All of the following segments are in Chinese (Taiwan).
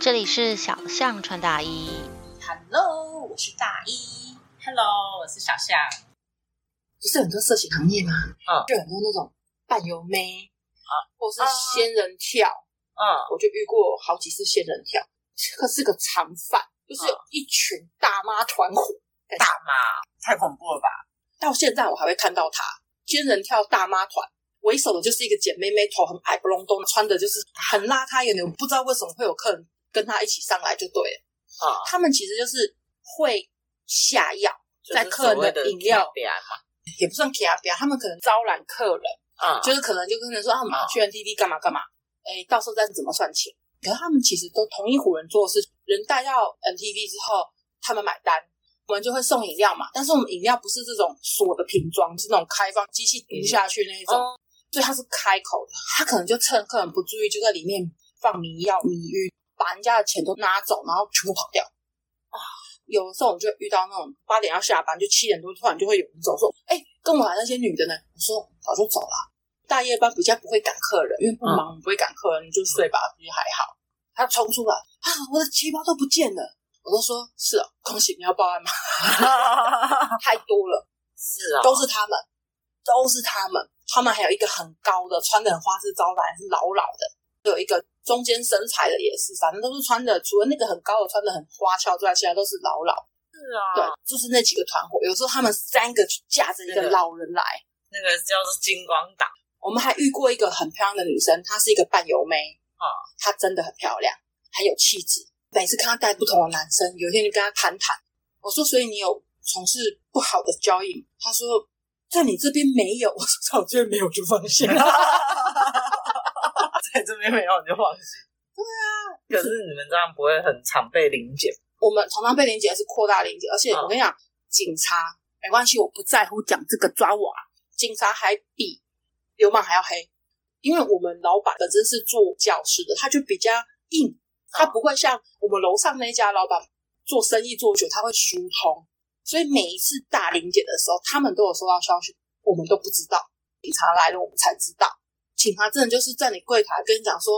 這裡是小象穿大衣，Hello，我是大 E。Hello，我是小象。不是很多色情行業嗎？嗯，就很多那種伴遊妹啊，或是仙人跳。嗯、啊、我就遇過好幾次仙人跳，這個、嗯、是個常犯，就是有一群大媽團夥，大媽太恐怖了吧？到現在我還會看到她仙人跳大媽團，為首的就是一個姐妹妹，頭很矮不隆咚，穿的就是很邋遢，有那、嗯、不知道為什麼會有客人。跟他一起上來就對了。啊、哦，他們其實就是會下藥在客人的飲料的鐵鐵嘛，也不算鐵鐵，他們可能招攬客人啊，嗯、就是可能就跟人說啊，哦、他們去 MTV 幹嘛幹嘛，哎，到時候再怎麼算錢。可是他們其實都同一夥人做事，人帶到 MTV 之後，他們買單，我們就會送飲料嘛。但是我們飲料不是這種鎖的瓶裝，是那種開放機器讀下去那一種，嗯、所以他是開口的，嗯、他可能就趁客人不注意，就在裡面放迷藥、嗯、迷暈。把人家的錢都拿走，然後全部跑掉啊！有的時候我就遇到那種八點要下班，就七點多突然就會有人走，說：“哎、欸，跟我來那些女的呢？”我說：“好像走了。”大夜班比較不會趕客人，因為不忙不會趕客人，你就睡吧，就還好。他衝出來啊，我的錢包都不見了！我都說：“是啊、哦，恭喜你要報案嗎？” 太多了，是啊、哦，都是他們，都是他們。他們還有一個很高的，穿得很花式的花枝招展，是老老的，有一個。中間身材的也是，反正都是穿的，除了那個很高的穿的很花俏之外，其他現在都是老老。是啊，對，就是那幾個團夥。有時候他們三個就架着一個老人來，那個叫做金光黨。我們還遇過一個很漂亮的女生，她是一個伴遊妹啊，她真的很漂亮，很有氣質。每次看她帶不同的男生，有一天就跟她談談，我說：“所以你有從事不好的交易？”他說：“在你這邊沒有。”我說：“在我這邊沒有，就放心了。” 在這邊沒有，你就放心。對啊，可是你們這樣不會很常被臨檢？ 我們常常被臨檢，是擴大臨檢。而且我跟你講，嗯、警察沒關係，我不在乎講這個抓我、啊。警察還比流氓還要黑，因為我們老闆本身是做教師的，他就比較硬，嗯、他不會像我們樓上那家老闆做生意做久，他會疏通。所以每一次大臨檢的時候，他們都有收到消息，我們都不知道，嗯、警察來了，我們才知道。請他真的就是在你櫃檯跟你講說：“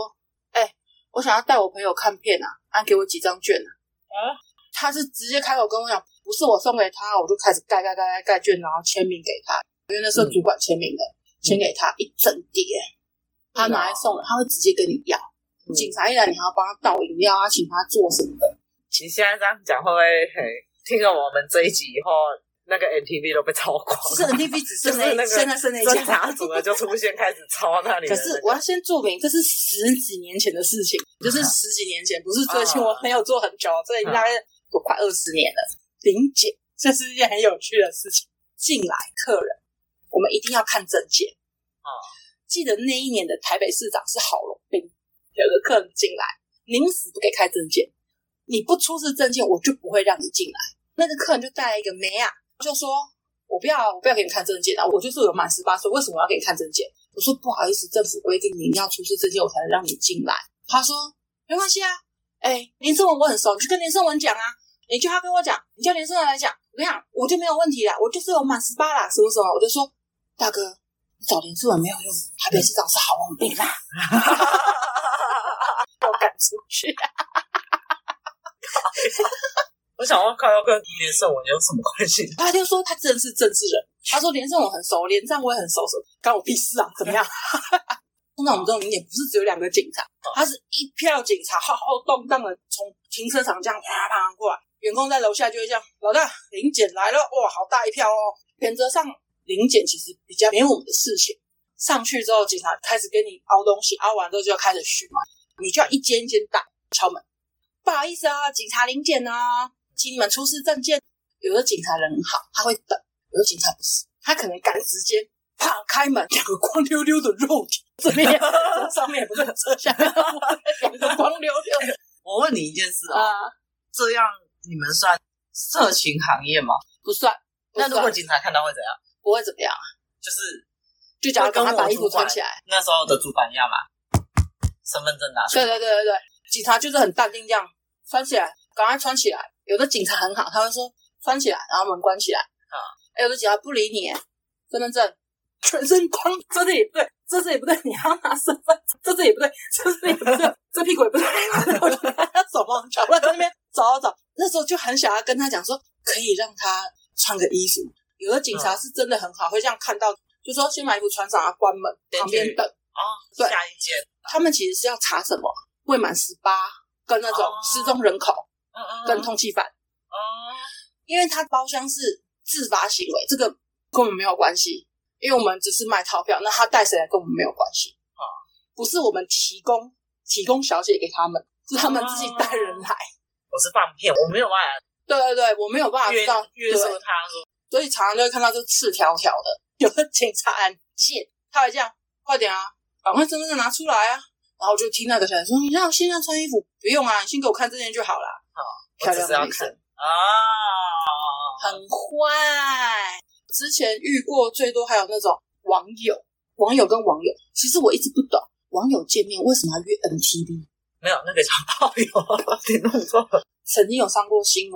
哎、欸，我想要帶我朋友看片啊，他、啊、給我幾張券啊。”啊，他是直接開口跟我講：“不是我送給他，我就開始蓋蓋蓋蓋卷，然後簽名給他，因為那時候主管簽名的，簽、嗯、給他一整疊，嗯、他拿來送了，他會直接跟你要。嗯、警察一來，你還要幫他倒飲料啊，請他做什麼的？你現在這樣講，會不會聽了我們這一集以後？那個 MTV 都被抄過，是 MTV 只是那個生、那個、在生在一他組的就出現開始抄那裡那。 可是我要先注明，這是十幾年前的事情，啊、就是十幾年前，不是最近。我沒有做很久，這、啊、大概都快二十年了。林、啊、姐，這是一件很有趣的事情。進來客人，我們一定要看證件。啊、記得那一年的台北市長是郝龍斌，有個客人進來，寧死不給開證件。你不出示證件，我就不會讓你進來。那個客人就帶了一個沒啊。就說：“我不要，我不要給你看證件啊！我就是有滿十八歲，為什麼我要給你看證件？”我說：“不好意思，政府規定你要出示證件，我才能讓你進來。”他說：“沒關係啊，誒連勝文我很熟，你去跟連勝文講啊，你叫他跟我講，你叫連勝文來講，我跟你講我就沒有問題了，我就是有滿十八了，是不是？”我就說：“大哥，你找連勝文沒有用，台北市長是好王八蛋，要趕出去。”我想要看到跟連勝文有什麼關係？他就說他真的是政治人。他說連勝文很熟，連戰我也很熟，什干我屁事啊？怎麼樣？ 嗯、通常我們這種臨檢不是只有兩個警察，嗯、他是一票警察浩浩蕩荡的從停車場這樣啪啪過來。員工在樓下就會這樣：老大，臨檢來了！哇，好大一票哦。原則上，臨檢其實比較沒我們的事情。上去之後，警察開始給你凹東西，凹完之後就要開始巡嘛，你就要一間一間打敲門。不好意思啊、哦，警察臨檢啊。請你們出示證件。有的警察人好，他會等；有的警察不是，他可能趕時間，啪開門，兩個光溜溜的肉體。怎麼樣？上面不是攝像頭，兩個光溜溜的。 我問你一件事啊，啊這樣你們算色情行業嗎？不算。不算那如果警察看到會怎樣？不會怎麼樣？就是，就假如剛剛把衣服穿起來。那時候的主板要嘛？身份證拿出來。對對對對對，警察就是很淡定，這樣穿起來，趕快穿起來。有的警察很好，他會說穿起來，然後門關起來。啊、嗯欸！有的警察不理你，身份證，全身光，這隻也不對，這隻也不對，你要拿身份這隻也不對，這隻也不對， 這屁股也不對。走嗎？ 我在那邊找、啊、找，那時候就很想要、啊、跟他講說，可以讓他穿個衣服。有的警察是真的很好，嗯、會這樣看到，就說先把衣服穿上，嗯、關門，旁邊等。啊、哦，對，下一間。他們其實是要查什麼？未滿十八跟那種失蹤人口。哦嗯嗯，跟通緝犯哦，因為他包廂是自發行為。這個跟我們沒有關係，因為我們只是賣套票，那他帶誰來跟我們沒有關係啊，嗯、不是我們提供提供小姐給他們，是他們自己帶人來。嗯、我是放屁，我沒有辦法，對對對，我沒有辦法知道約束他對，所以常常就會看到這赤條條的，有的警察很賤，他會這樣，快點啊，趕快身份證拿出來啊，然後就聽那個小姐說，你要現在穿衣服，不用啊，你先給我看這件就好了。漂亮要看。啊，很壞。之前遇過最多還有那種網友，網友跟網友。其實我一直不懂，網友見面為什麼要約 MTV？沒有，那個叫炮友，得弄錯。曾經有上過新聞，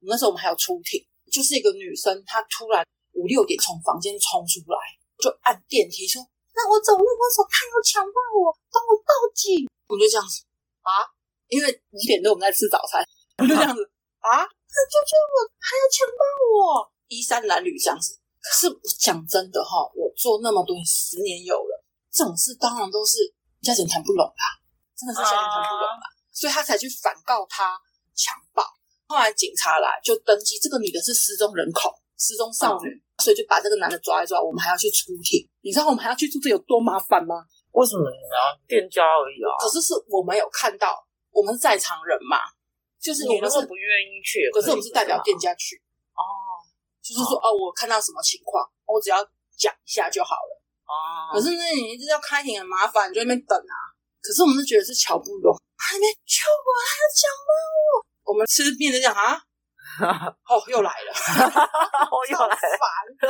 那時候我們還有出庭，就是一個女生，她突然五六點從房間衝出來，就按電梯說：“那我走路的時候，他要強暴我，幫我報警。”我就這樣子啊，因為五點鐘我們在吃早餐。我就這樣子啊！啊啊他救救我，還要強暴我，衣衫襤褸這樣子。可是我講真的齁，我做那麼多年十年有了這種事，當然都是家人談不攏啦，真的是家人談不攏啦，啊、所以他才去反告他強暴。後來警察來就登記這個女的是失蹤人口，失蹤少女，嗯、所以就把這個男的抓一抓。我們還要去出庭，你知道我們還要去出庭有多麻煩嗎？為什麼啊？店家而已啊。可是是我們有看到，我們是在場人嘛。就是你們是不願意去可，可是我們是代表店家去哦。啊、就是說、啊、哦，我看到什麼情況，我只要講一下就好了啊。可是那你一直要開庭很麻煩，你就在那邊等啊。可是我們是覺得是喬不攏，還沒瞧過，還要講嗎？我們吃遍變得講啊，哦，又來了，我 又來了，煩 煩。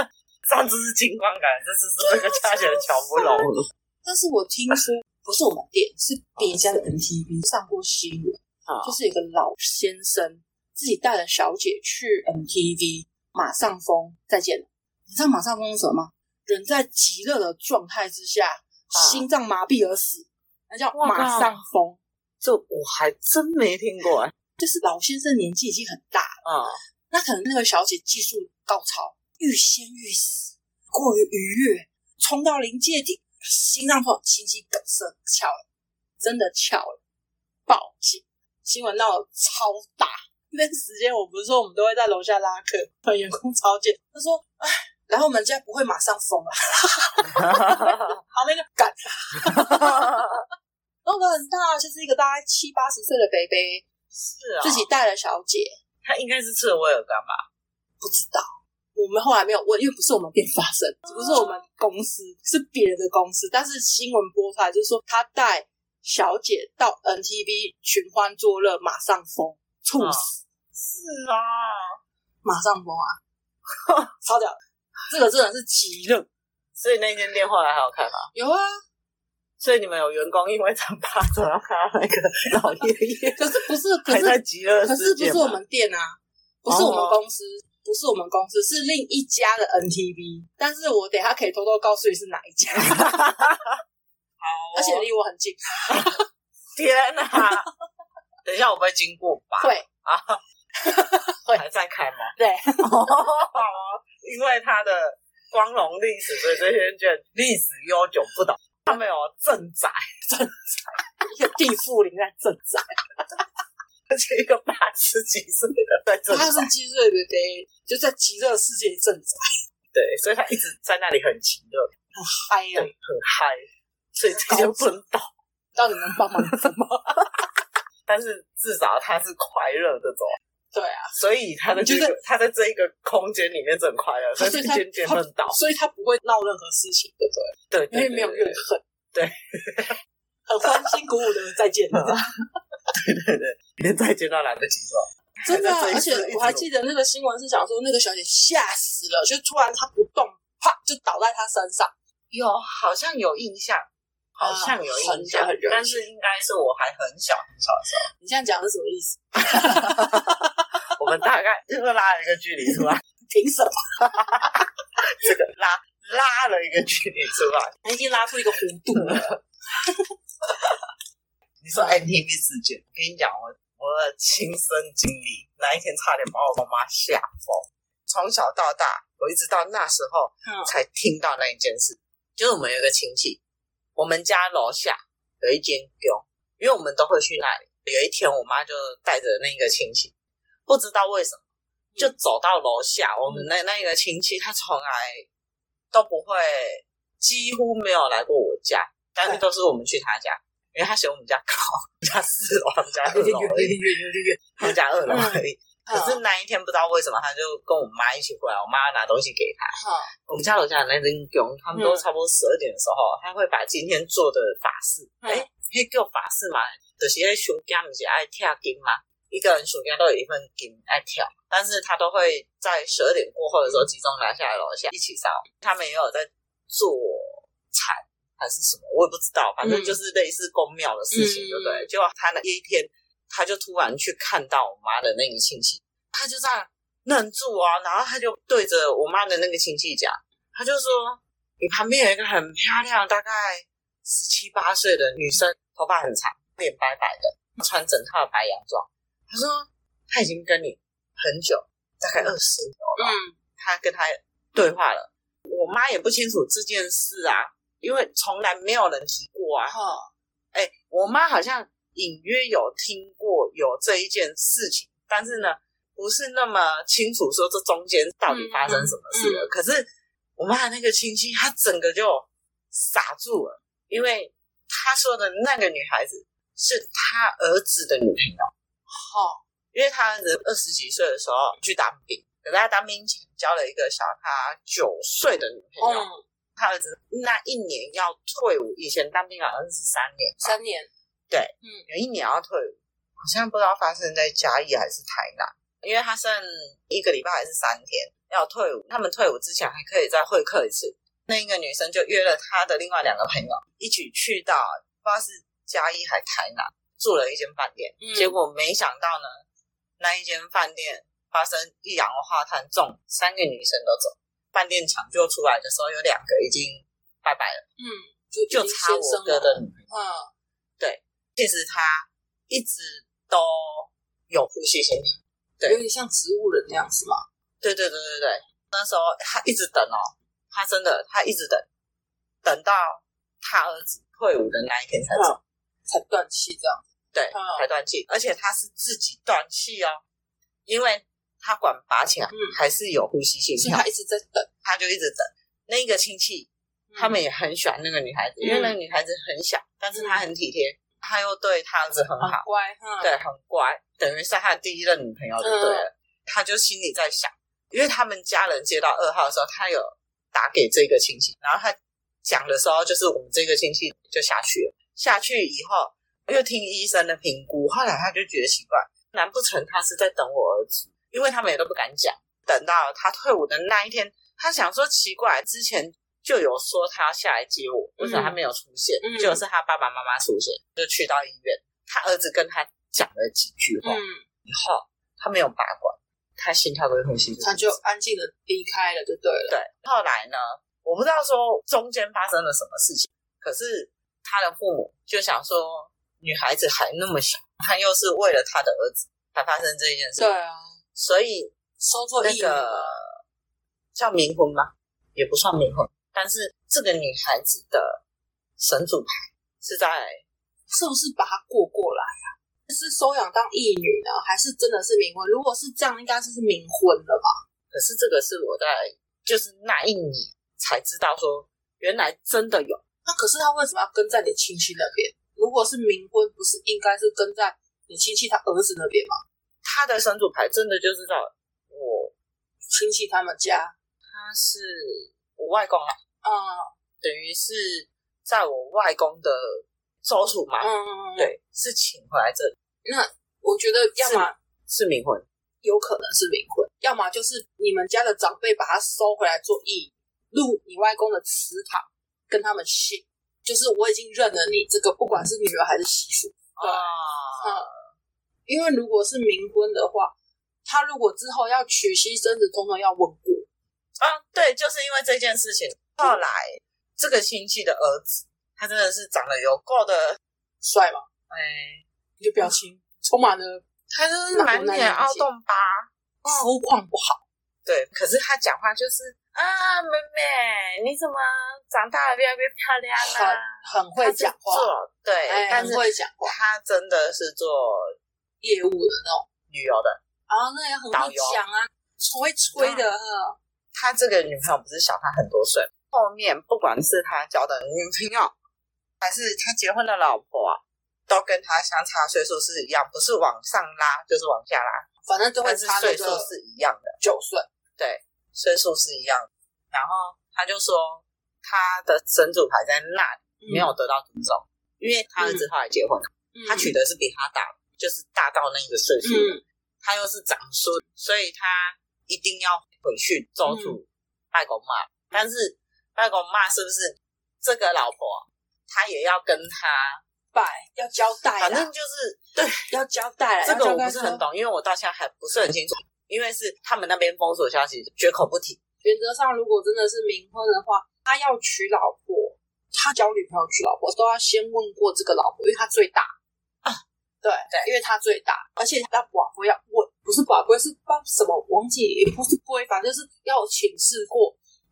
上次是金光感，這次是這個恰起來喬不攏。 但是我聽說不是我們店，是別家的 MTV 上過新聞。就是有個老先生自己帶了小姐去 MTV，馬上風再見了。你知道馬上風是什麼嗎？人在極樂的狀態之下，啊、心臟麻痹而死，那叫馬上風。這我還真沒聽過、啊。就是老先生年紀已經很大了，啊、那可能那個小姐技術高超，欲仙欲死，過於愉悅，衝到臨界點，心臟突，心肌梗塞翹了，真的翹了，報警。新聞鬧超大，那段時間我不是說我們都會在樓下拉客，和員工吵架。他說：“哎，然後我們家不會馬上封了，好那個幹，弄得很大，就是一個大概七八十歲的伯伯，是啊，自己帶了小姐，他應該是吃了威爾剛不知道，我們後來沒有問，因為不是我們店發生，只不是我們公司，是別人的公司，但是新聞播出來就是說他帶。”小姐到 NTV 尋歡作樂，馬上瘋，猝死。啊是啊，馬上瘋啊， 超屌！這個真的是極熱，所以那間電話來還好看嗎、啊？有啊。所以你們有員工因為長大總要看到那個老爺爺。可是不是？可是極熱。可是不是我們店啊？不是我們公司，oh. 不是我們公司，是另一家的 NTV。但是我等下可以偷偷告訴你是哪一家。 而且離我很近，天哪！等一下，我不會經過吧？會啊，會還在開嗎？對，因為他的光榮歷史，所以這些卷歷史悠久不倒。他沒有鎮宅，鎮宅一個地府林在鎮宅，而且一個八十幾歲的在鎮。他是幾歲的？對，就在極樂世界鎮宅。對，所以他一直在那裡很極樂，很嗨啊，很嗨。所以直接昏倒，到底能幫忙什麼？但是至少他是快樂的走。對啊，所以他的就是他在這一個空間裡面真快樂，所以漸漸昏倒，所以他不會鬧任何事情，對不對？對，因為沒有怨恨，對，很歡欣鼓舞的再見，對對對，連再見都來不及，是吧？真的，而且我還記得那個新聞是講說那個小姐嚇死了，就突然他不動，啪就倒在他身上，有好像有印象。好像有印象，但是應該是我還很小很小的時候。你現在講的是什麼意思？我們大概就是拉了一個距離出來。憑什麼？這個拉拉了一個距離出來，已經拉出一個弧度了。你說 MTV 事件，我跟你講，我我的親身經歷，那一天差點把我爸媽嚇瘋。從小到大，我一直到那時候才聽到那一件事，就是我們有個親戚。我們家樓下有一間店，因為我們都會去那裡。有一天，我媽就帶着那個親戚，不知道為什麼，就走到樓下。我們那那一個親戚，他從來都不會，幾乎沒有來過我家，但是都是我們去他家，對因為他嫌我們家高，我們家四樓，他二樓，他二樓。可是那一天不知道為什麼他就跟我媽一起過來，我媽拿東西給他。我們好家樓下的那群狗，他們都差不多十二點的時候，嗯、他會把今天做的法事，哎、欸，會、欸、叫法事嘛？有、就、些、是、那熊家不是愛跳金嘛？一個人熊家都有一份金愛跳，但是他都會在十二點過後的時候集中拿下來樓下一起燒。他們也有在做懺還是什麼，我也不知道，反正就是類似宮廟的事情對，對不對？結果他那一天。他就突然去看到我媽的那個親戚，他就在愣住啊，然後他就對着我媽的那個親戚講，他就說：“你旁邊有一個很漂亮，大概十七八歲的女生，頭髮很長，臉白白的，穿整套白洋裝。”他說：“他已經跟你很久，大概二十年了。嗯”他跟他對話了，我媽也不清楚這件事啊，因為從來沒有人提過啊。哎、哦，我媽好像。隱約有聽過有這一件事情，但是呢，不是那麼清楚說這中間到底發生什麼事了。嗯嗯、可是我媽那個親戚，他整個就傻住了，因為他說的那個女孩子是他兒子的女朋友。好、哦，因為他兒子二十幾歲的時候去當兵，可是他當兵前交了一個小他九歲的女朋友。他、哦、兒子那一年要退伍，以前當兵好像是三年，三年。對，嗯，有一年要退伍，好像不知道發生在嘉義還是台南，因為他剩一個禮拜還是三天要退伍。他們退伍之前還可以再會客一次。那一個女生就約了他的另外兩個朋友一起去，到不知道是嘉義還台南住了一間飯店，嗯，結果沒想到呢，那一間飯店發生一氧化碳中毒，三個女生都走，飯店搶救出來的時候，有兩個已經拜拜了，嗯、就，就差我哥的女朋友，嗯，對。其實他一直都有呼吸心跳，對，有點像植物人那樣子嘛。對對對對對，那時候他一直等哦，他真的他一直等，等到他兒子退伍的那一天才走，才斷氣這樣。對，哦、才斷氣，而且他是自己斷氣哦，因為他管拔起來，嗯、還是有呼吸心跳，嗯、所以他一直在等，他就一直等。那個親戚、嗯、他們也很喜歡那個女孩子，因為那個女孩子很小，嗯、但是她很體貼。嗯他又對他兒子很好，嗯、很乖哈。對，很乖，等於是他的第一任女朋友就對了。嗯、他就心裡在想，因為他們家人接到二號的時候，他有打給這個親戚，然後他講的時候，就是我們這個親戚就下去了。下去以後又聽醫生的評估，後來他就覺得奇怪，難不成他是在等我兒子？因為他們也都不敢講。等到他退伍的那一天，他想說奇怪，之前。就有說他要下來接我。嗯、為什麼他沒有出現？嗯、就是他爸爸媽媽出現，就去到醫院。嗯、他兒子跟他講了幾句話、嗯、以後，他沒有拔管，他心跳都很細，他就安靜的離開了，就對了。對，後來呢，我不知道說中間發生了什麼事情，可是他的父母就想說，女孩子還那麼小，他又是為了他的兒子才發生這一件事情。對啊，所以收作那個叫冥婚嗎？也不算冥婚。但是這個女孩子的神主牌是在，是不是把她過過來啊？是收養當義女呢，還是真的是冥婚？如果是這樣，應該就是冥婚了吧？可是這個是我在就是那一年才知道，說原來真的有。那可是他為什麼要跟在你親戚那邊？如果是冥婚，不是應該是跟在你親戚他兒子那邊嗎？他的神主牌真的就是在我親戚他們家，他是。外公啊，嗯、等於是在我外公的收儲嘛，嗯嗯對，是請回來這裡。那我覺得要，要麼是,是冥婚，有可能是冥婚，要麼就是你們家的長輩把他收回來做義，入你外公的祠堂，跟他們姓。就是我已經認了你這個，不管是女兒還是媳婦，啊、嗯嗯，因為如果是冥婚的話，他如果之後要娶妻生子，統統要穩固。啊，對，就是因為這件事情，後來這個親戚的兒子，他真的是長得有夠的帥嗎？哎，表情充滿了，他就是滿臉凹洞疤，膚況不好。對，可是他講話就是啊，妹妹，你怎麼長大了越來越漂亮了？很會講話，對，但是會講話。他真的是做業務的那種旅遊的，啊，那也很好講啊，很會吹的。他這個女朋友不是小他很多歲，後面不管是他交的女朋友，還是他結婚的老婆，都跟他相差歲數是一樣，不是往上拉就是往下拉，反正都會差歲數是一樣的九對歲。對，歲數是一樣的。然後他就說他的神主牌在那裡，嗯、沒有得到尊重，因為他兒子後來結婚、嗯、他娶的是比他大，就是大到那個歲數，嗯、他又是長孫，所以他一定要回去做主，拜、嗯、公媽。但是拜公媽是不是這個老婆，他也要跟他拜，要交代。反正就是對，要交代。這個我不是很懂，嗯、因為我到現在還不是很清楚。因為是他們那邊封鎖消息，絕口不提。原則上，如果真的是冥婚的話，他要娶老婆，他找女朋友娶老婆，都要先問過這個老婆，因為他最大。啊，對對，因為他最大，而且他要寡婦要問。不是法規，是幫什麼？王姐也不是規，反正是要請示過，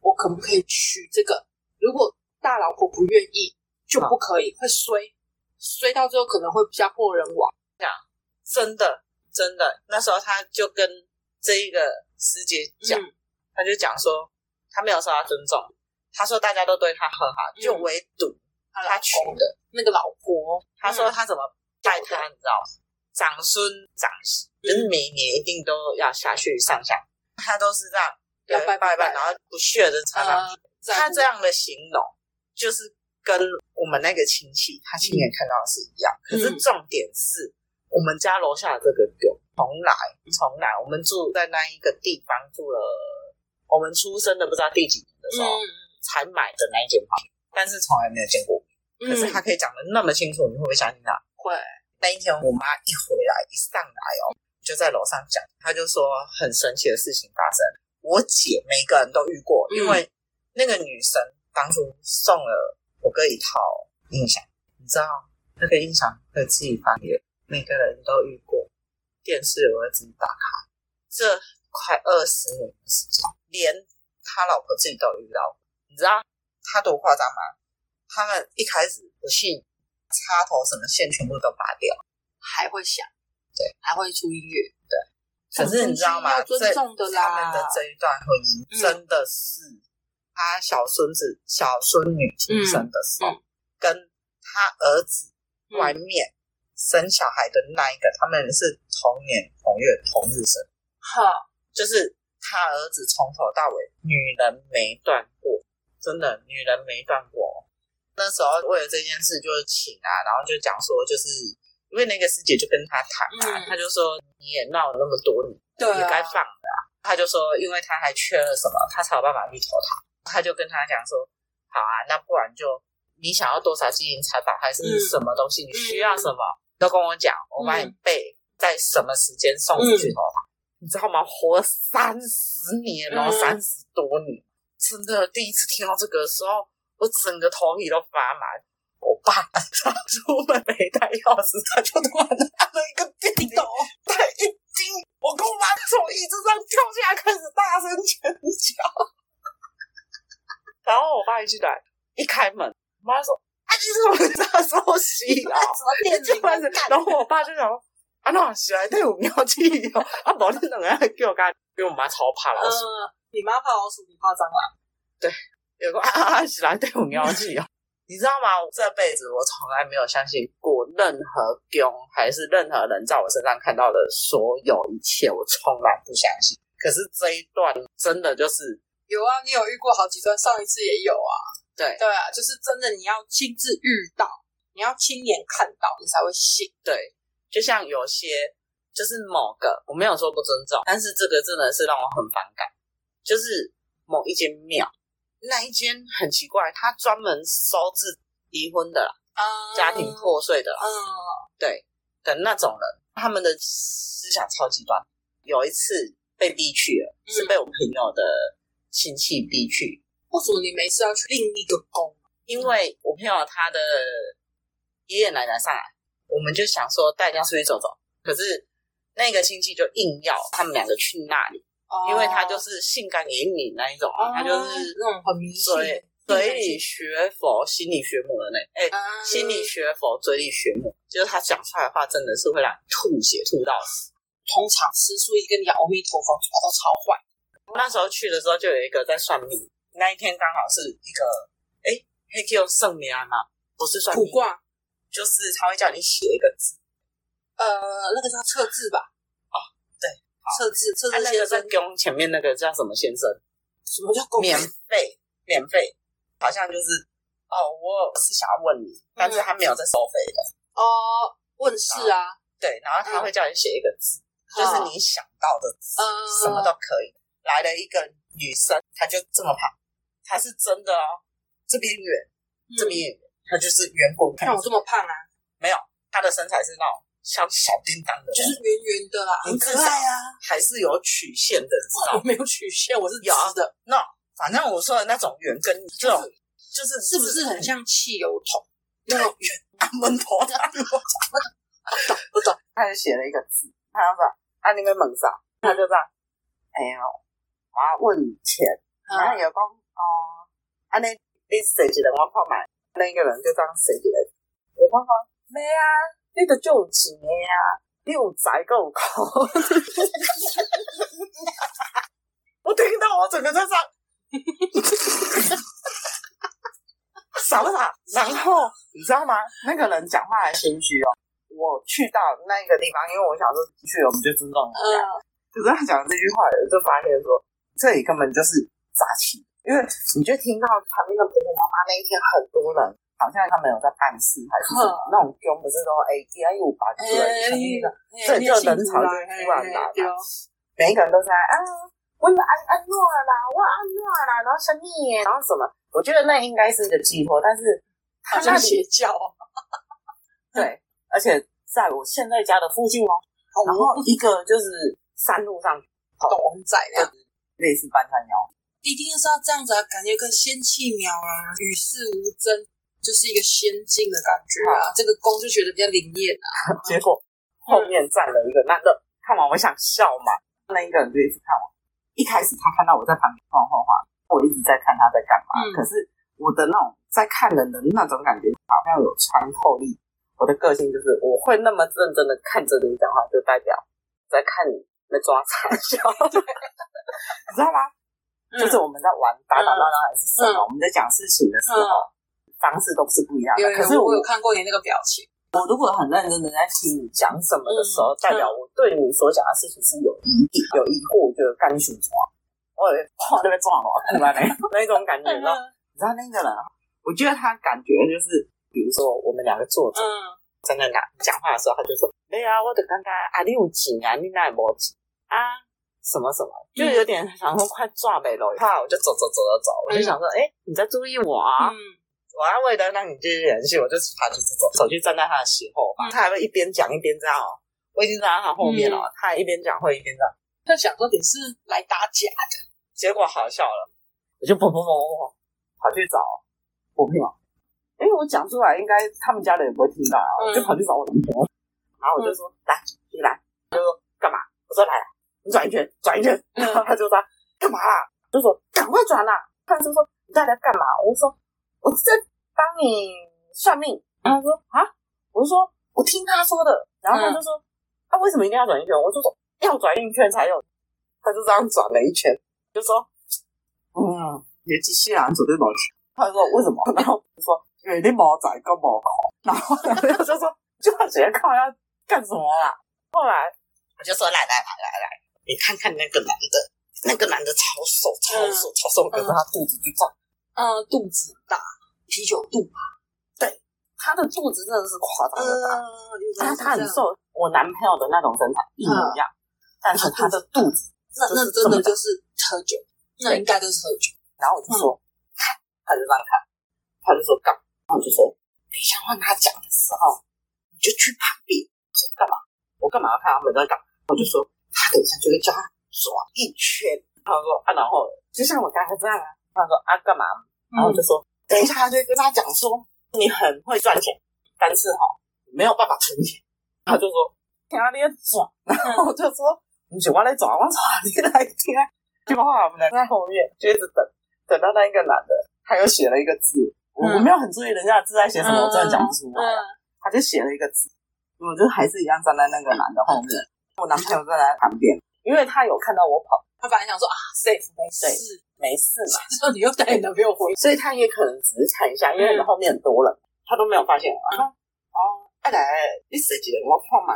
我可不可以娶這個？如果大老婆不願意，就不可以，會衰，衰到最後可能會家破人亡。這樣真的真的。那時候他就跟這一個師姐講，嗯、他就講說他沒有受到尊重，他說大家都對他很好，就唯獨、嗯、他，他娶的那個老婆，嗯、他說他怎麼帶他、嗯、你知道嗎？長孫長媳，就是每一年一定都要下去上香，嗯、他都是這樣，對要拜拜，然後不屑的插上去。呃、他這樣的形容，就是跟我們那個親戚他親眼看到的是一樣。可是重點是，嗯、我們家樓下的這個狗從來從來，來我們住在那一個地方住了，我們出生的不知道第幾年的時候、嗯、才買的那間房，但是從來沒有見過。可是他可以講的那麼清楚，你會不會相信他？會。那一天，我媽一回來，一上來哦，就在樓上講，她就說很神奇的事情發生。我姐每個人都遇過，嗯、因為那個女生當初送了我哥一套音響，你知道那個音響可自己發給，每個人都遇過。電視我會自己打開，這快二十年的時間，連他老婆自己都遇到，你知道他多誇張嗎？他們一開始不信。插頭什麼線全部都拔掉，還會響，對，還會出音樂，對。可是你知道嗎？這他們的，的這一段婚姻真的是他小孫子、嗯、小孫女出生的時候，嗯嗯、跟他兒子外面生小孩的那一個，嗯、他們是同年同月同日生。哈，就是他兒子從頭到尾女人沒斷過，真的女人沒斷過。那時候為了這件事，就是請啊，然後就講說，就是因為那個師姐就跟他談嘛、啊，嗯、他就說你也鬧了那麼多年，對、啊，也該放了、啊。他就說，因為他還缺了什麼，他才有辦法去投他。他就跟他講說，好啊，那不然就你想要多少金銀財寶，還是什麼東西，嗯、你需要什麼，都、嗯、跟我講，嗯、我幫你備，在什麼時間送出去投他，嗯、你知道嗎？活三十年，然後三十多年，真的第一次聽到這個的時候。我整個頭皮都發麻。我爸他出門沒帶鑰匙，他就突然按了一個電筒帶你一驚，我跟我媽從椅子上跳下來，開始大聲尖叫。 然後我爸一進來，一開門，我媽說：“啊，你怎是是、喔、麼在收洗啊？”點進然後我爸就想說：“啊，那洗來對、 啊、我尿去哦。”啊，保證能給我干，因為我媽超怕老鼠。嗯，你媽怕老鼠不、呃、怕蟑螂啊？對。有個啊，起來對我妖氣哦，你知道嗎？我這輩子我從來沒有相信過任何宮，還是任何人在我身上看到的所有一切，我從來不相信。可是這一段真的就是有啊，你有遇過好幾段，上一次也有啊。對對啊，就是真的，你要親自遇到，你要親眼看到，你才會信。對，就像有些就是某個，我沒有說不尊重，但是這個真的是讓我很反感，就是某一間廟。那一間很奇怪，他專門收治離婚的，uh, 家庭破碎的，啦，uh.，對的那種人，他們的思想超極端。有一次被逼去了，嗯、是被我朋友的親戚逼去，或者，嗯、你沒事要去另一個宮，因為我朋友他的爺爺奶奶上來，我們就想說帶他出去走走，可是那個親戚就硬要他們兩個去那裡。因為他就是性感隱秘那一種、啊，啊、他就是那種很迷信，嘴裡學佛，心裡學魔的那，哎、欸，心裡學佛，嘴裡學魔，嗯、就是他講出來的話，真的是會讓你吐血吐到死、啊、通常吃出一根鳥阿彌陀佛，然後吵壞。那時候去的時候，就有一個在算命，嗯、那一天剛好是一個哎、欸，黑 Q 聖尼安嘛，不是算命，瓜就是他會叫你寫一個字，呃，那個叫測字吧。測試測試先生，前面那個叫什麼先生？什麼叫？免費免費，好像就是哦，我是想要問你，但是他沒有在收費的哦。問事啊，對，然後他會叫你寫一個字，就是你想到的字，什麼都可以。來了一個女生，她就這麼胖，她是真的哦。這邊遠，這邊遠，她就是圓滾滾。看我這麼胖啊？沒有，她的身材是那種。像小，小叮噹的，就是圓圓的啦，啊，很可愛啊，還是有曲線的，知道我沒有曲線，我是直的。那 No, 反正我說的那種圓，跟這種，嗯，就是，就是、是不是很像汽油桶對那種圓門頭的？不懂，啊，不懂。 我我他就寫了一個字，他說：“啊，你們猛上。”他就這樣。哎呦，我要問錢。啊，然後有光哦，啊，那你是誰的，我要泡滿那一個人就這樣誰幾人？有光跑沒啊。那個就舊宅啊，六宅夠高，呵呵 我聽到我整個在上 傻不傻？然後你知道嗎？那個人講話還謙虛哦，我去到那個地方，因為我想說去，我們就尊重人家，啊、就他講這句話，就發現說這裡根本就是雜七，因為你就聽到他那個婆婆媽媽那一天很多人。好像他們有在暗示，還是什麼？呵那種囧不是說哎，一五八九成立的，所以這人潮就突然打了，欸欸哦、每一個人都是來啊，我安安諾啦，我安諾啦，然後成立、啊，然後什麼？我覺得那應該是一個寄托，但是他在邪教、啊。 對，而且在我現在家的附近、喔、哦，然後一個就是山路上，東仔的類似半山腰，一定是要這樣子啊，感覺跟仙氣苗啊與世無爭。就是一個仙境的感覺啊！啊這個宮就覺得比較靈驗啊，啊結果後面站了一個、嗯、那個，看完我想笑嘛。那一個人就一直看我。一開始他看到我在旁邊晃晃晃，我一直在看他在幹嘛。嗯、可是我的那種在看人的那種感覺，好像有穿透力。我的個性就是我會那麼認真的看着你講話，就代表在看你在抓傳銷，嗯、 你知道嗎？嗯、就是我們在玩打打鬧鬧還是什麼，嗯、我們在講事情的時候。嗯方式都是不一樣的，可是我有看過你那個表情。我如果很認真的在聽你講什麼的時候，代表我對你所講的事情是有疑點、有疑惑，我就趕緊說：“我那被撞了，幹嘛呢？”那種感覺呢？你知道那個人，我覺得他感覺就是，比如說我們兩個坐着，嗯，在那拿講話的時候，他就說：“沒啊，我等剛剛啊，你有勁啊，你哪會沒勁啊？什麼什麼，就有點想說快撞唄嘍。”然後我就走走走走走，我就想說：“哎，你在注意我啊？”我安慰了讓你繼續聯繫，我就跑就走。手機站在他的身後，他還會一邊講一邊這樣，我已經站在他後面了。嗯、他還一邊講會一邊這樣，他想說你是來打假的，結果好笑了。我就砰砰砰砰砰跑去找我股，因為我講出來應該他們家人也不會聽到，嗯、我就跑去找我同學。然後我就說、嗯、來，你來，就說幹嘛？我說來、啊，你轉一圈，轉一圈。然後他就說、嗯、幹嘛、啊？就說趕快轉吶、啊。他就說你在那幹嘛？我就說。我是在幫你算命，然後他說啊，我就說我聽他說的，然後他就說他、嗯啊、為什麼一定要轉一圈？我就說要轉一圈才有，他就這樣轉了一圈，就說嗯年紀小走這種事。他就說為什麼？然後我就說你 為你毛在搞毛靠，然後他就說就要這靠卡要幹什麼了、啊？後來我就說來來來來來，你看看那個男的，那個男的超瘦超瘦超瘦，可是他肚子就大。嗯呃，肚子大，啤酒肚啊！對，他的肚子真的是誇張的大，呃、是但是他很瘦，我男朋友的那種身材一模一樣，嗯、但是他的肚子，那那真的就是喝酒，那應該就是喝酒。然後我就說，看，他就讓他，他就說槓，我就說等一下換他講的時候，你就去旁邊說幹嘛？我幹嘛要看他們在槓？我就說他等一下就會叫他轉一圈，他說啊，然後就像我剛才這樣。他說啊，幹嘛？然後就說，等一下，他就跟他講說，你很會賺錢，但是哈，沒有辦法存錢。他就說，聽他練轉，然後我就說，你喜歡來轉我賺你來聽。就話我放在後面，就一直等等到那一個男的，他又寫了一個字，我沒有很注意人家字在寫什麼，我真的講不出來了。他就寫了一個字，我就還是一樣站在那個男的後面，我男朋友站在旁邊，因為他有看到我跑。他本來想說啊，safe 沒事沒事嘛。之後你又帶你的朋友回，所以他也可能只是看一下，因為我後面很多了他都沒有發現。啊哦，哎來，你幾姐？我靠買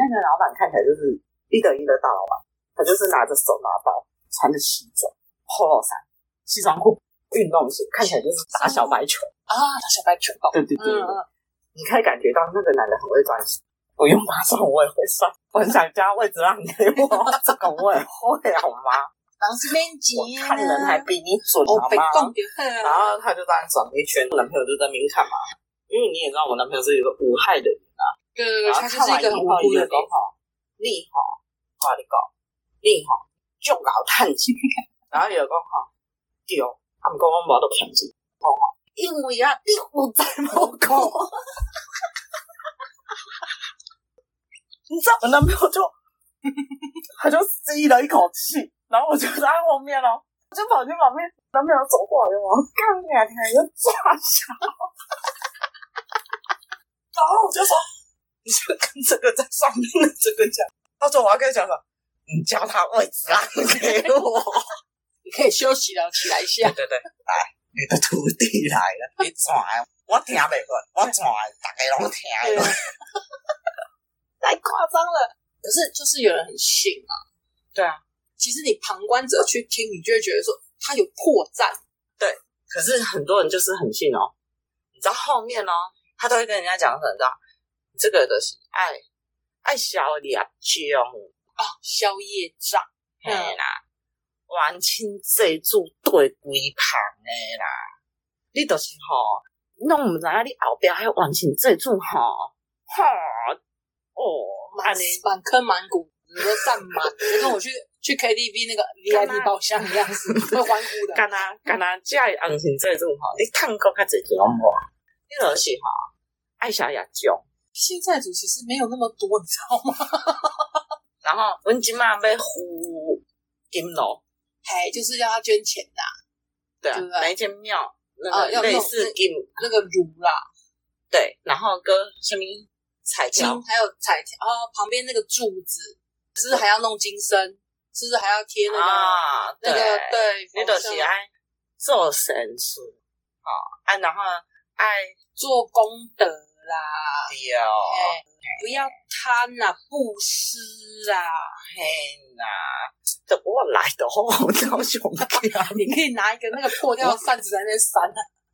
那個老闆看起來就是一等一的大老闆，他就是拿着手拿包，穿着西裝、polo 衫、西裝褲、運動鞋，看起來就是打小白球啊，打小白球。對對對，你可以感覺到那個男的很會賺錢。我用馬上，我也會算。我很想加位置讓你給我，這個、啊、我也會好嗎？當時面基，看人還比你準、哦、嗎？好，然後他就這樣轉了一圈，我男朋友就在那邊看嘛。因為你也知道，我男朋友是一個武漢人啊。對對對，他是一個很武漢人。你好，話你講，你好，就搞嘆氣。然後有，他們屌，我們剛剛冇到嘆氣，因為啊，你有在冇講？啊 你知道我男朋友就，他就吸了一口氣，然後我就在後面嘍、哦，我就跑去旁邊，男朋友走過來，我幹你呀！他又坐下， 然後我就說：“你就跟這個在上面的這個講。”，然後我要跟他講說：“你叫他位置讓、啊、給我， 你可以休息了，起來一下。”，對對對，來、哎，你的徒弟來了，你轉，我聽不慣，我轉，大家攏聽。對 太誇張了，可是就是有人很信啊。對啊，其實你旁觀者去聽，你就會覺得說他有破綻。對，可是很多人就是很信哦。嗯、你知道後面哦，他都會跟人家講什麼？你知道，這個都是愛愛宵夜酒哦，消業障。嘿、嗯、啦，玩清這一組對鬼旁的啦，你，是吼你都是哈，那我們在那裡熬標，還要玩清這一組哈哈。哦，滿滿坑滿谷，你都站滿，跟 我去去 KTV 那個 VIP 包廂的樣子，會有呵歡呼的。干哪干哪，家也安心債主哈，你他姐姐正勁啊！你而戲哈，愛笑雅叫。現在主其實沒有那麼多，你知道嗎？然後文吉嘛被呼金樓，嘿，就是要他捐錢的，對啊，對吧一間廟那要、個、類似金、呃、那，那，那個儒啦，對，然後跟什麼？彩條還有彩條哦，旁邊那個柱子是不是還要弄金身？嗯、是不是還要貼那個、啊、那個對？那個、對，你得愛做神事，好、哦、啊，然後愛做功德啦，不要貪啊，布施啊，嘿哪啦，等我來好，都紅桃熊跳， 你可以拿一個那個破掉的扇子在那扇他。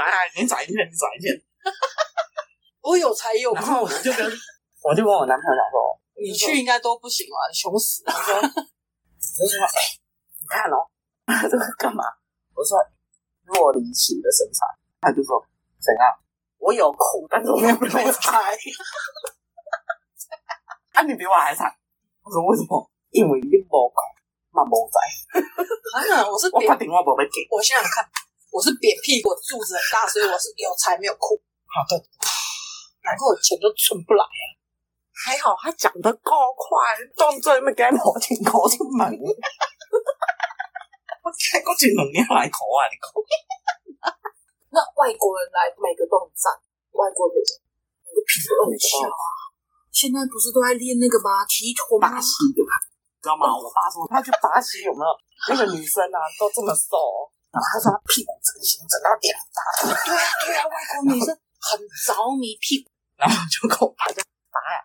哎，啊，你轉一圈，你轉一圈，我有才也有空， 然後我就跟 我就跟我男朋友講說，說你去應該都不行，啊、了，窮死。我說，我說， 哎，你看哦，幹嘛？我說，若離奇的身材，他就說，怎啊我有空，但是我沒有才。 啊，你比我還慘。我說為什麼？因為你沒空，那沒才。 啊，我是我打電話沒接， 我現在看，我是扁屁股，肚子很大，所以我是有財沒有庫。好的，然後我錢都存不來啊。還好他講的夠快，動作也沒趕得上我挺歌的慢。我看過去弄你來講啊，的講。 那外國人來每個都很讚，外國那我你個屁，那麼、個、翹啊！現在不是都在練那個嗎？提臀。巴西，知道嗎？嗯、我爸說他去巴西有沒有？那個女生啊，都這麼瘦。 他說他屁股整形整到掉渣，對啊對啊，外國女生很着迷屁股，然後就跟我爸就爸呀，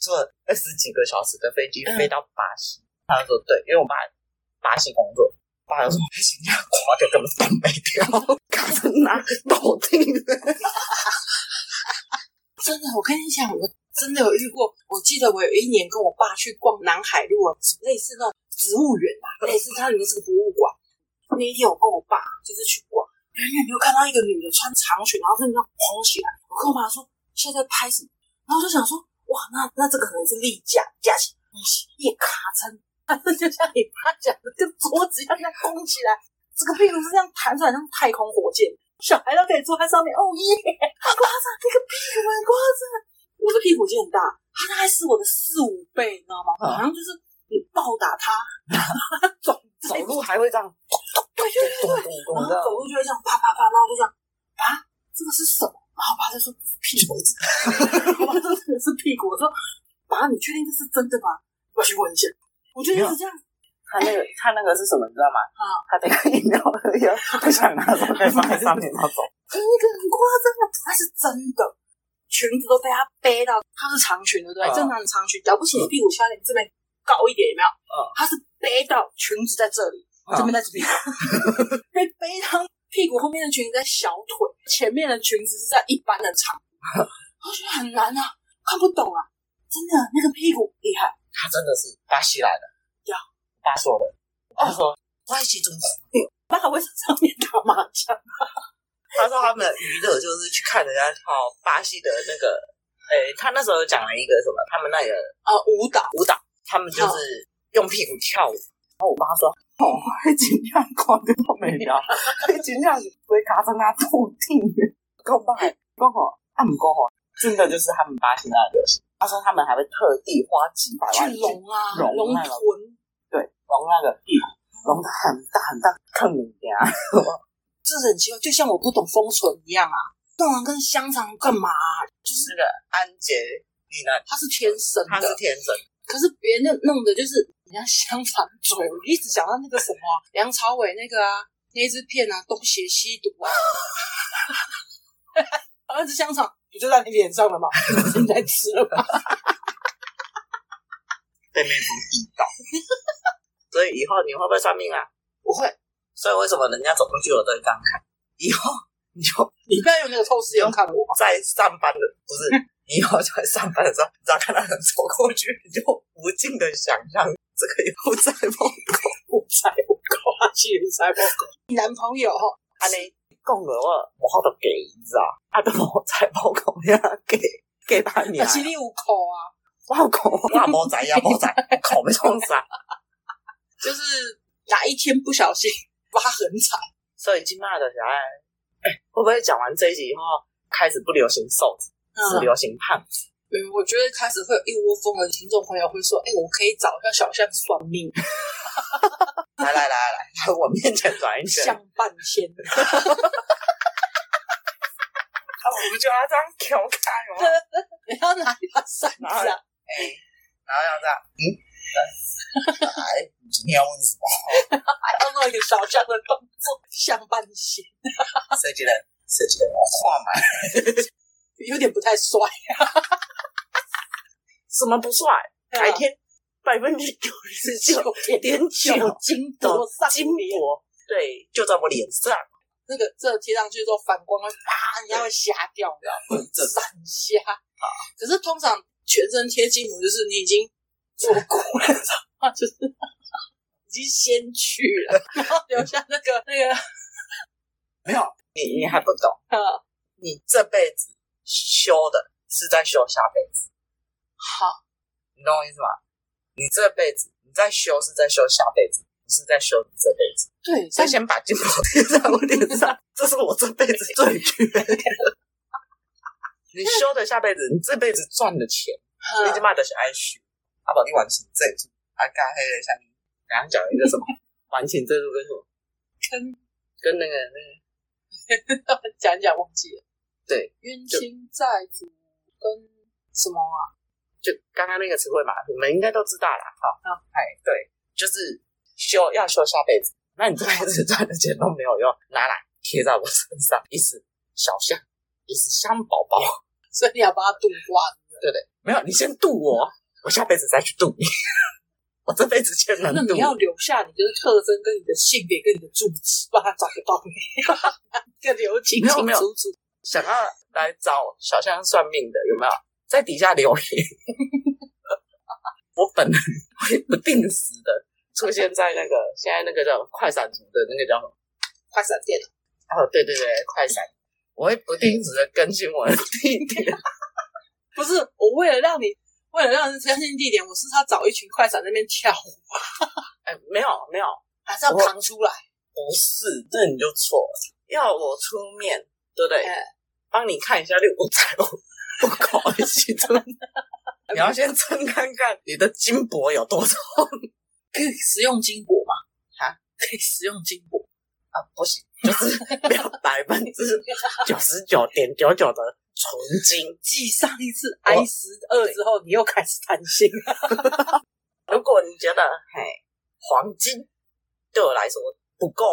坐二十幾個小時的飛機飛到巴西，他、嗯、說對，因為我爸巴西工作，爸就說行新加坡就根本都沒得，幹嘛搞定了？真的，我跟你講，我真的有遇過，我記得我有一年跟我爸去逛南海路啊，類似那種植物園吧，類似它裡面是個博物館。 那天我跟我爸就是去逛，遠遠有看到一個女的穿長裙，然後那樣轟起來。我跟我爸說現在，在拍什麼？然後我就想說哇，那那這個可能是例假，架起東西，一咔撐，就像你爸講的，跟桌子一樣這樣拱起來，這個屁股是這樣彈出來，像太空火箭，小孩都可以坐在上面。哦耶，刮子，這、那個屁股很瓜子，我的屁股就很大，那、啊、大概是我的四五倍，你知道嗎？啊、好像就是你暴打他，走 轉走路還會這樣。對對對，然後走路就會這樣啪啪啪，然後就這樣啊，這個是什麼？然後啪就說屁蟲子，我說這個是屁股。我說啊，你確定這是真的嗎？我去聞一下，我覺得是這樣。他那個他那個是什麼？你知道嗎？啊，他那個飲料喝掉，他想拿走他想拿什麼？拿什麼？很誇張的，他是真的，裙子都被他背到，他是長裙對不對？正常的長裙，了不起你屁股下面這邊高一點有沒有？嗯，他是背到裙子在這裡。這邊在這邊，因為背他屁股後面的裙子在小腿，前面的裙子是在一般的長。我覺得很難啊，看不懂啊，真的那個屁股厲害。他真的是巴西來的，呀，他說的，他說巴西中。統、啊。那他、嗯、為什麼上面打麻將？ 他說他們的娛樂就是去看人家跳巴西的那個，哎、欸，他那時候講了一個什麼？他們那個啊、呃、舞蹈，舞蹈，他們就是用屁股跳舞。嗯、然後我爸說。哦，還盡量看到美呀！還盡量是做家長啊，偷聽的。講白話，講啊，暗講啊，真的就是他們巴西那個。他說他們還會特地花幾百萬去融啊，融那個，臀對，融那個地，融得很大很大坑人家。這是很奇怪，就像我不懂封存一樣啊，凍成跟香腸幹嘛？就是那個安杰，你呢？他是天生，他是天生，可是別人弄的就是。人家香腸嘴，我一直講到那個什麼梁朝偉那個啊，那支片啊，東邪西毒啊，好、 啊，正這香腸不就在你臉上了嗎？ 你在吃了吧？哈哈哈！哈哈哈！哈哈哈！被蜜蜂叮到，所以以後你會不會算命啊？ 不會。所以為什麼人家走出去我都敢看？以後你就你不要有那個透視眼看我，在你你上班的不是。 你以後在上班的時候，只要看到他人走過去，你就無盡的想象這個有在包狗、有在包工，有在包狗。你男朋友啊？你講了我無好多給 a y 你知道？啊，都無在包工呀，給，給他娘。七里口啊，包工，大包仔，鴨包仔， 口沒沖仔。 就是 哪一天不小心挖很慘，所以金嘛的，小象，哎，會不會講完這一集以後，開始不流行瘦子？是流行病。沒有、嗯，我覺得開始會有一窩蜂的聽眾朋友會說：“哎，我可以找下小象算命。 來”來來來來，在我面前轉一下。象半仙。他我們就要這樣調侃哦。 你要拿一把扇子、啊，哎，拿、欸、這樣子，嗯，對。 來，你要問什麼？還要弄一個小象的動作，象半仙。設計的，設計的，畫嘛。有點不太帥，啊， 什麼不帥？白天百分之九十九點九金箔，金箔對，就在我臉上。那個這貼上去之後，反光會啪，對你要會瞎掉你知道嗎？嗯、的，閃瞎。可是通常全身貼金箔，就是你已經做過了 你知道嗎？就是已經先去了，然後留下那個那個。嗯、 沒有，你你還不懂啊？你這輩子。修的是在修下輩子，好，你懂我意思嗎？你這輩子你在修是在修下輩子，不是在修你這輩子。對，他先把金箔貼在我臉上， 這是我這輩子最絕的。 你修的下輩子，你這輩子賺的錢，好你罵、啊、的小愛虛，阿寶你玩錢正經，阿嘎黑下。你，剛剛講了一個什麼玩錢正路跟什麼跟跟那個那個講、那、講、個、 忘記了。.對，冤親債主跟什麼啊？就剛剛那個詞彙嘛，你們應該都知道了。好，哎、哦欸，對，就是修要修下輩子，那你這輩子賺的錢都沒有用，拿來貼在我身上，一是小象，一是香寶寶，有所以你要把它渡光。對，對對，沒有，你先渡我，我下輩子再去渡你。 我這輩子先你，那你要留下，你就是特徵跟你的性別跟你的住址，幫他找到你，要 留清楚沒有？沒有。想要來找小象算命的有沒有在底下留言？ 我本人會不定時的出現在那個 現在那個叫快閃族的那個叫什麼？快閃店哦，對對對，快閃， 我會不定時的更新我的地點， 不是我為了讓你為了讓人相信地點，我是要找一群快閃那邊跳舞，哎、 欸，沒有沒有，還是要扛出來，不是，這你就錯了，要我出面對不對，對？欸幫你看一下六五彩哦！不靠，你真的？你要先稱看看你的金箔有多重？ 可以食用金箔嗎？哈，可以食用金箔啊？不行， 就是百分之九十九點九九的純金。繼 上一次我 i 十二之後，對你又開始貪心了。 如果你覺得嘿，黃金對我來說不夠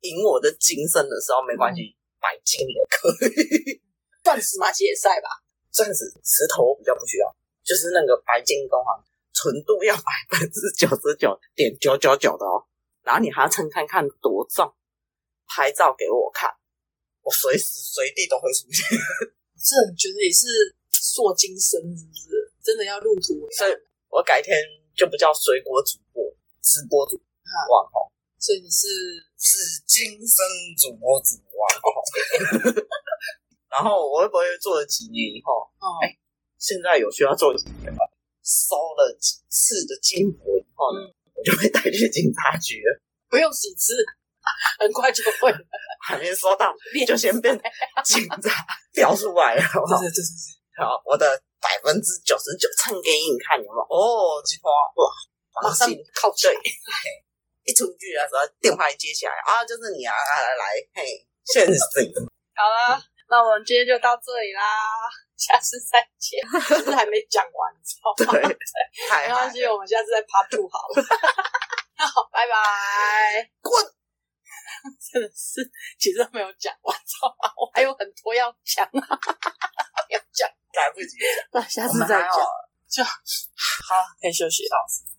引我的金身的時候，沒關係。嗯白金也可以，鑽石嘛，也曬吧。鑽石石頭比較不需要，就是那個白金工行、啊，純度要百分之九十九點九九九的哦。然後你還要稱看看多重，拍照給我看，我隨時隨地都會出現是。這你、嗯、覺得也是神金是不是？真的要入土？所以，我改天就不叫水果主播、直播主、播、嗯。哇哦紅，所以你是。是金身鐲子啊！哦、 然後我會不會做了幾年以後，嗯、哦，現在有需要做幾年嗎？燒了幾次的金箔以後呢，呢、嗯、我就會帶去警察局，嗯、不用洗車，很快就會 還沒收到，就先變警察叼出來了。是是是，好，我的百分之九十九襯給你看，有沒有哦，金花、啊、哇，馬上靠嘴。像 一出去的時候，電話一接起來啊，就是你啊，來來來，嘿，現身。好了，那我們今天就到這裡啦，下次再見。就是還沒講完，對，沒關係，我們下次再 part two 好了。那好，拜拜。滾！真的是，其實沒有講完，我操，我還有很多要講啊，要講，來不及，那下次再講，就好，可以休息了。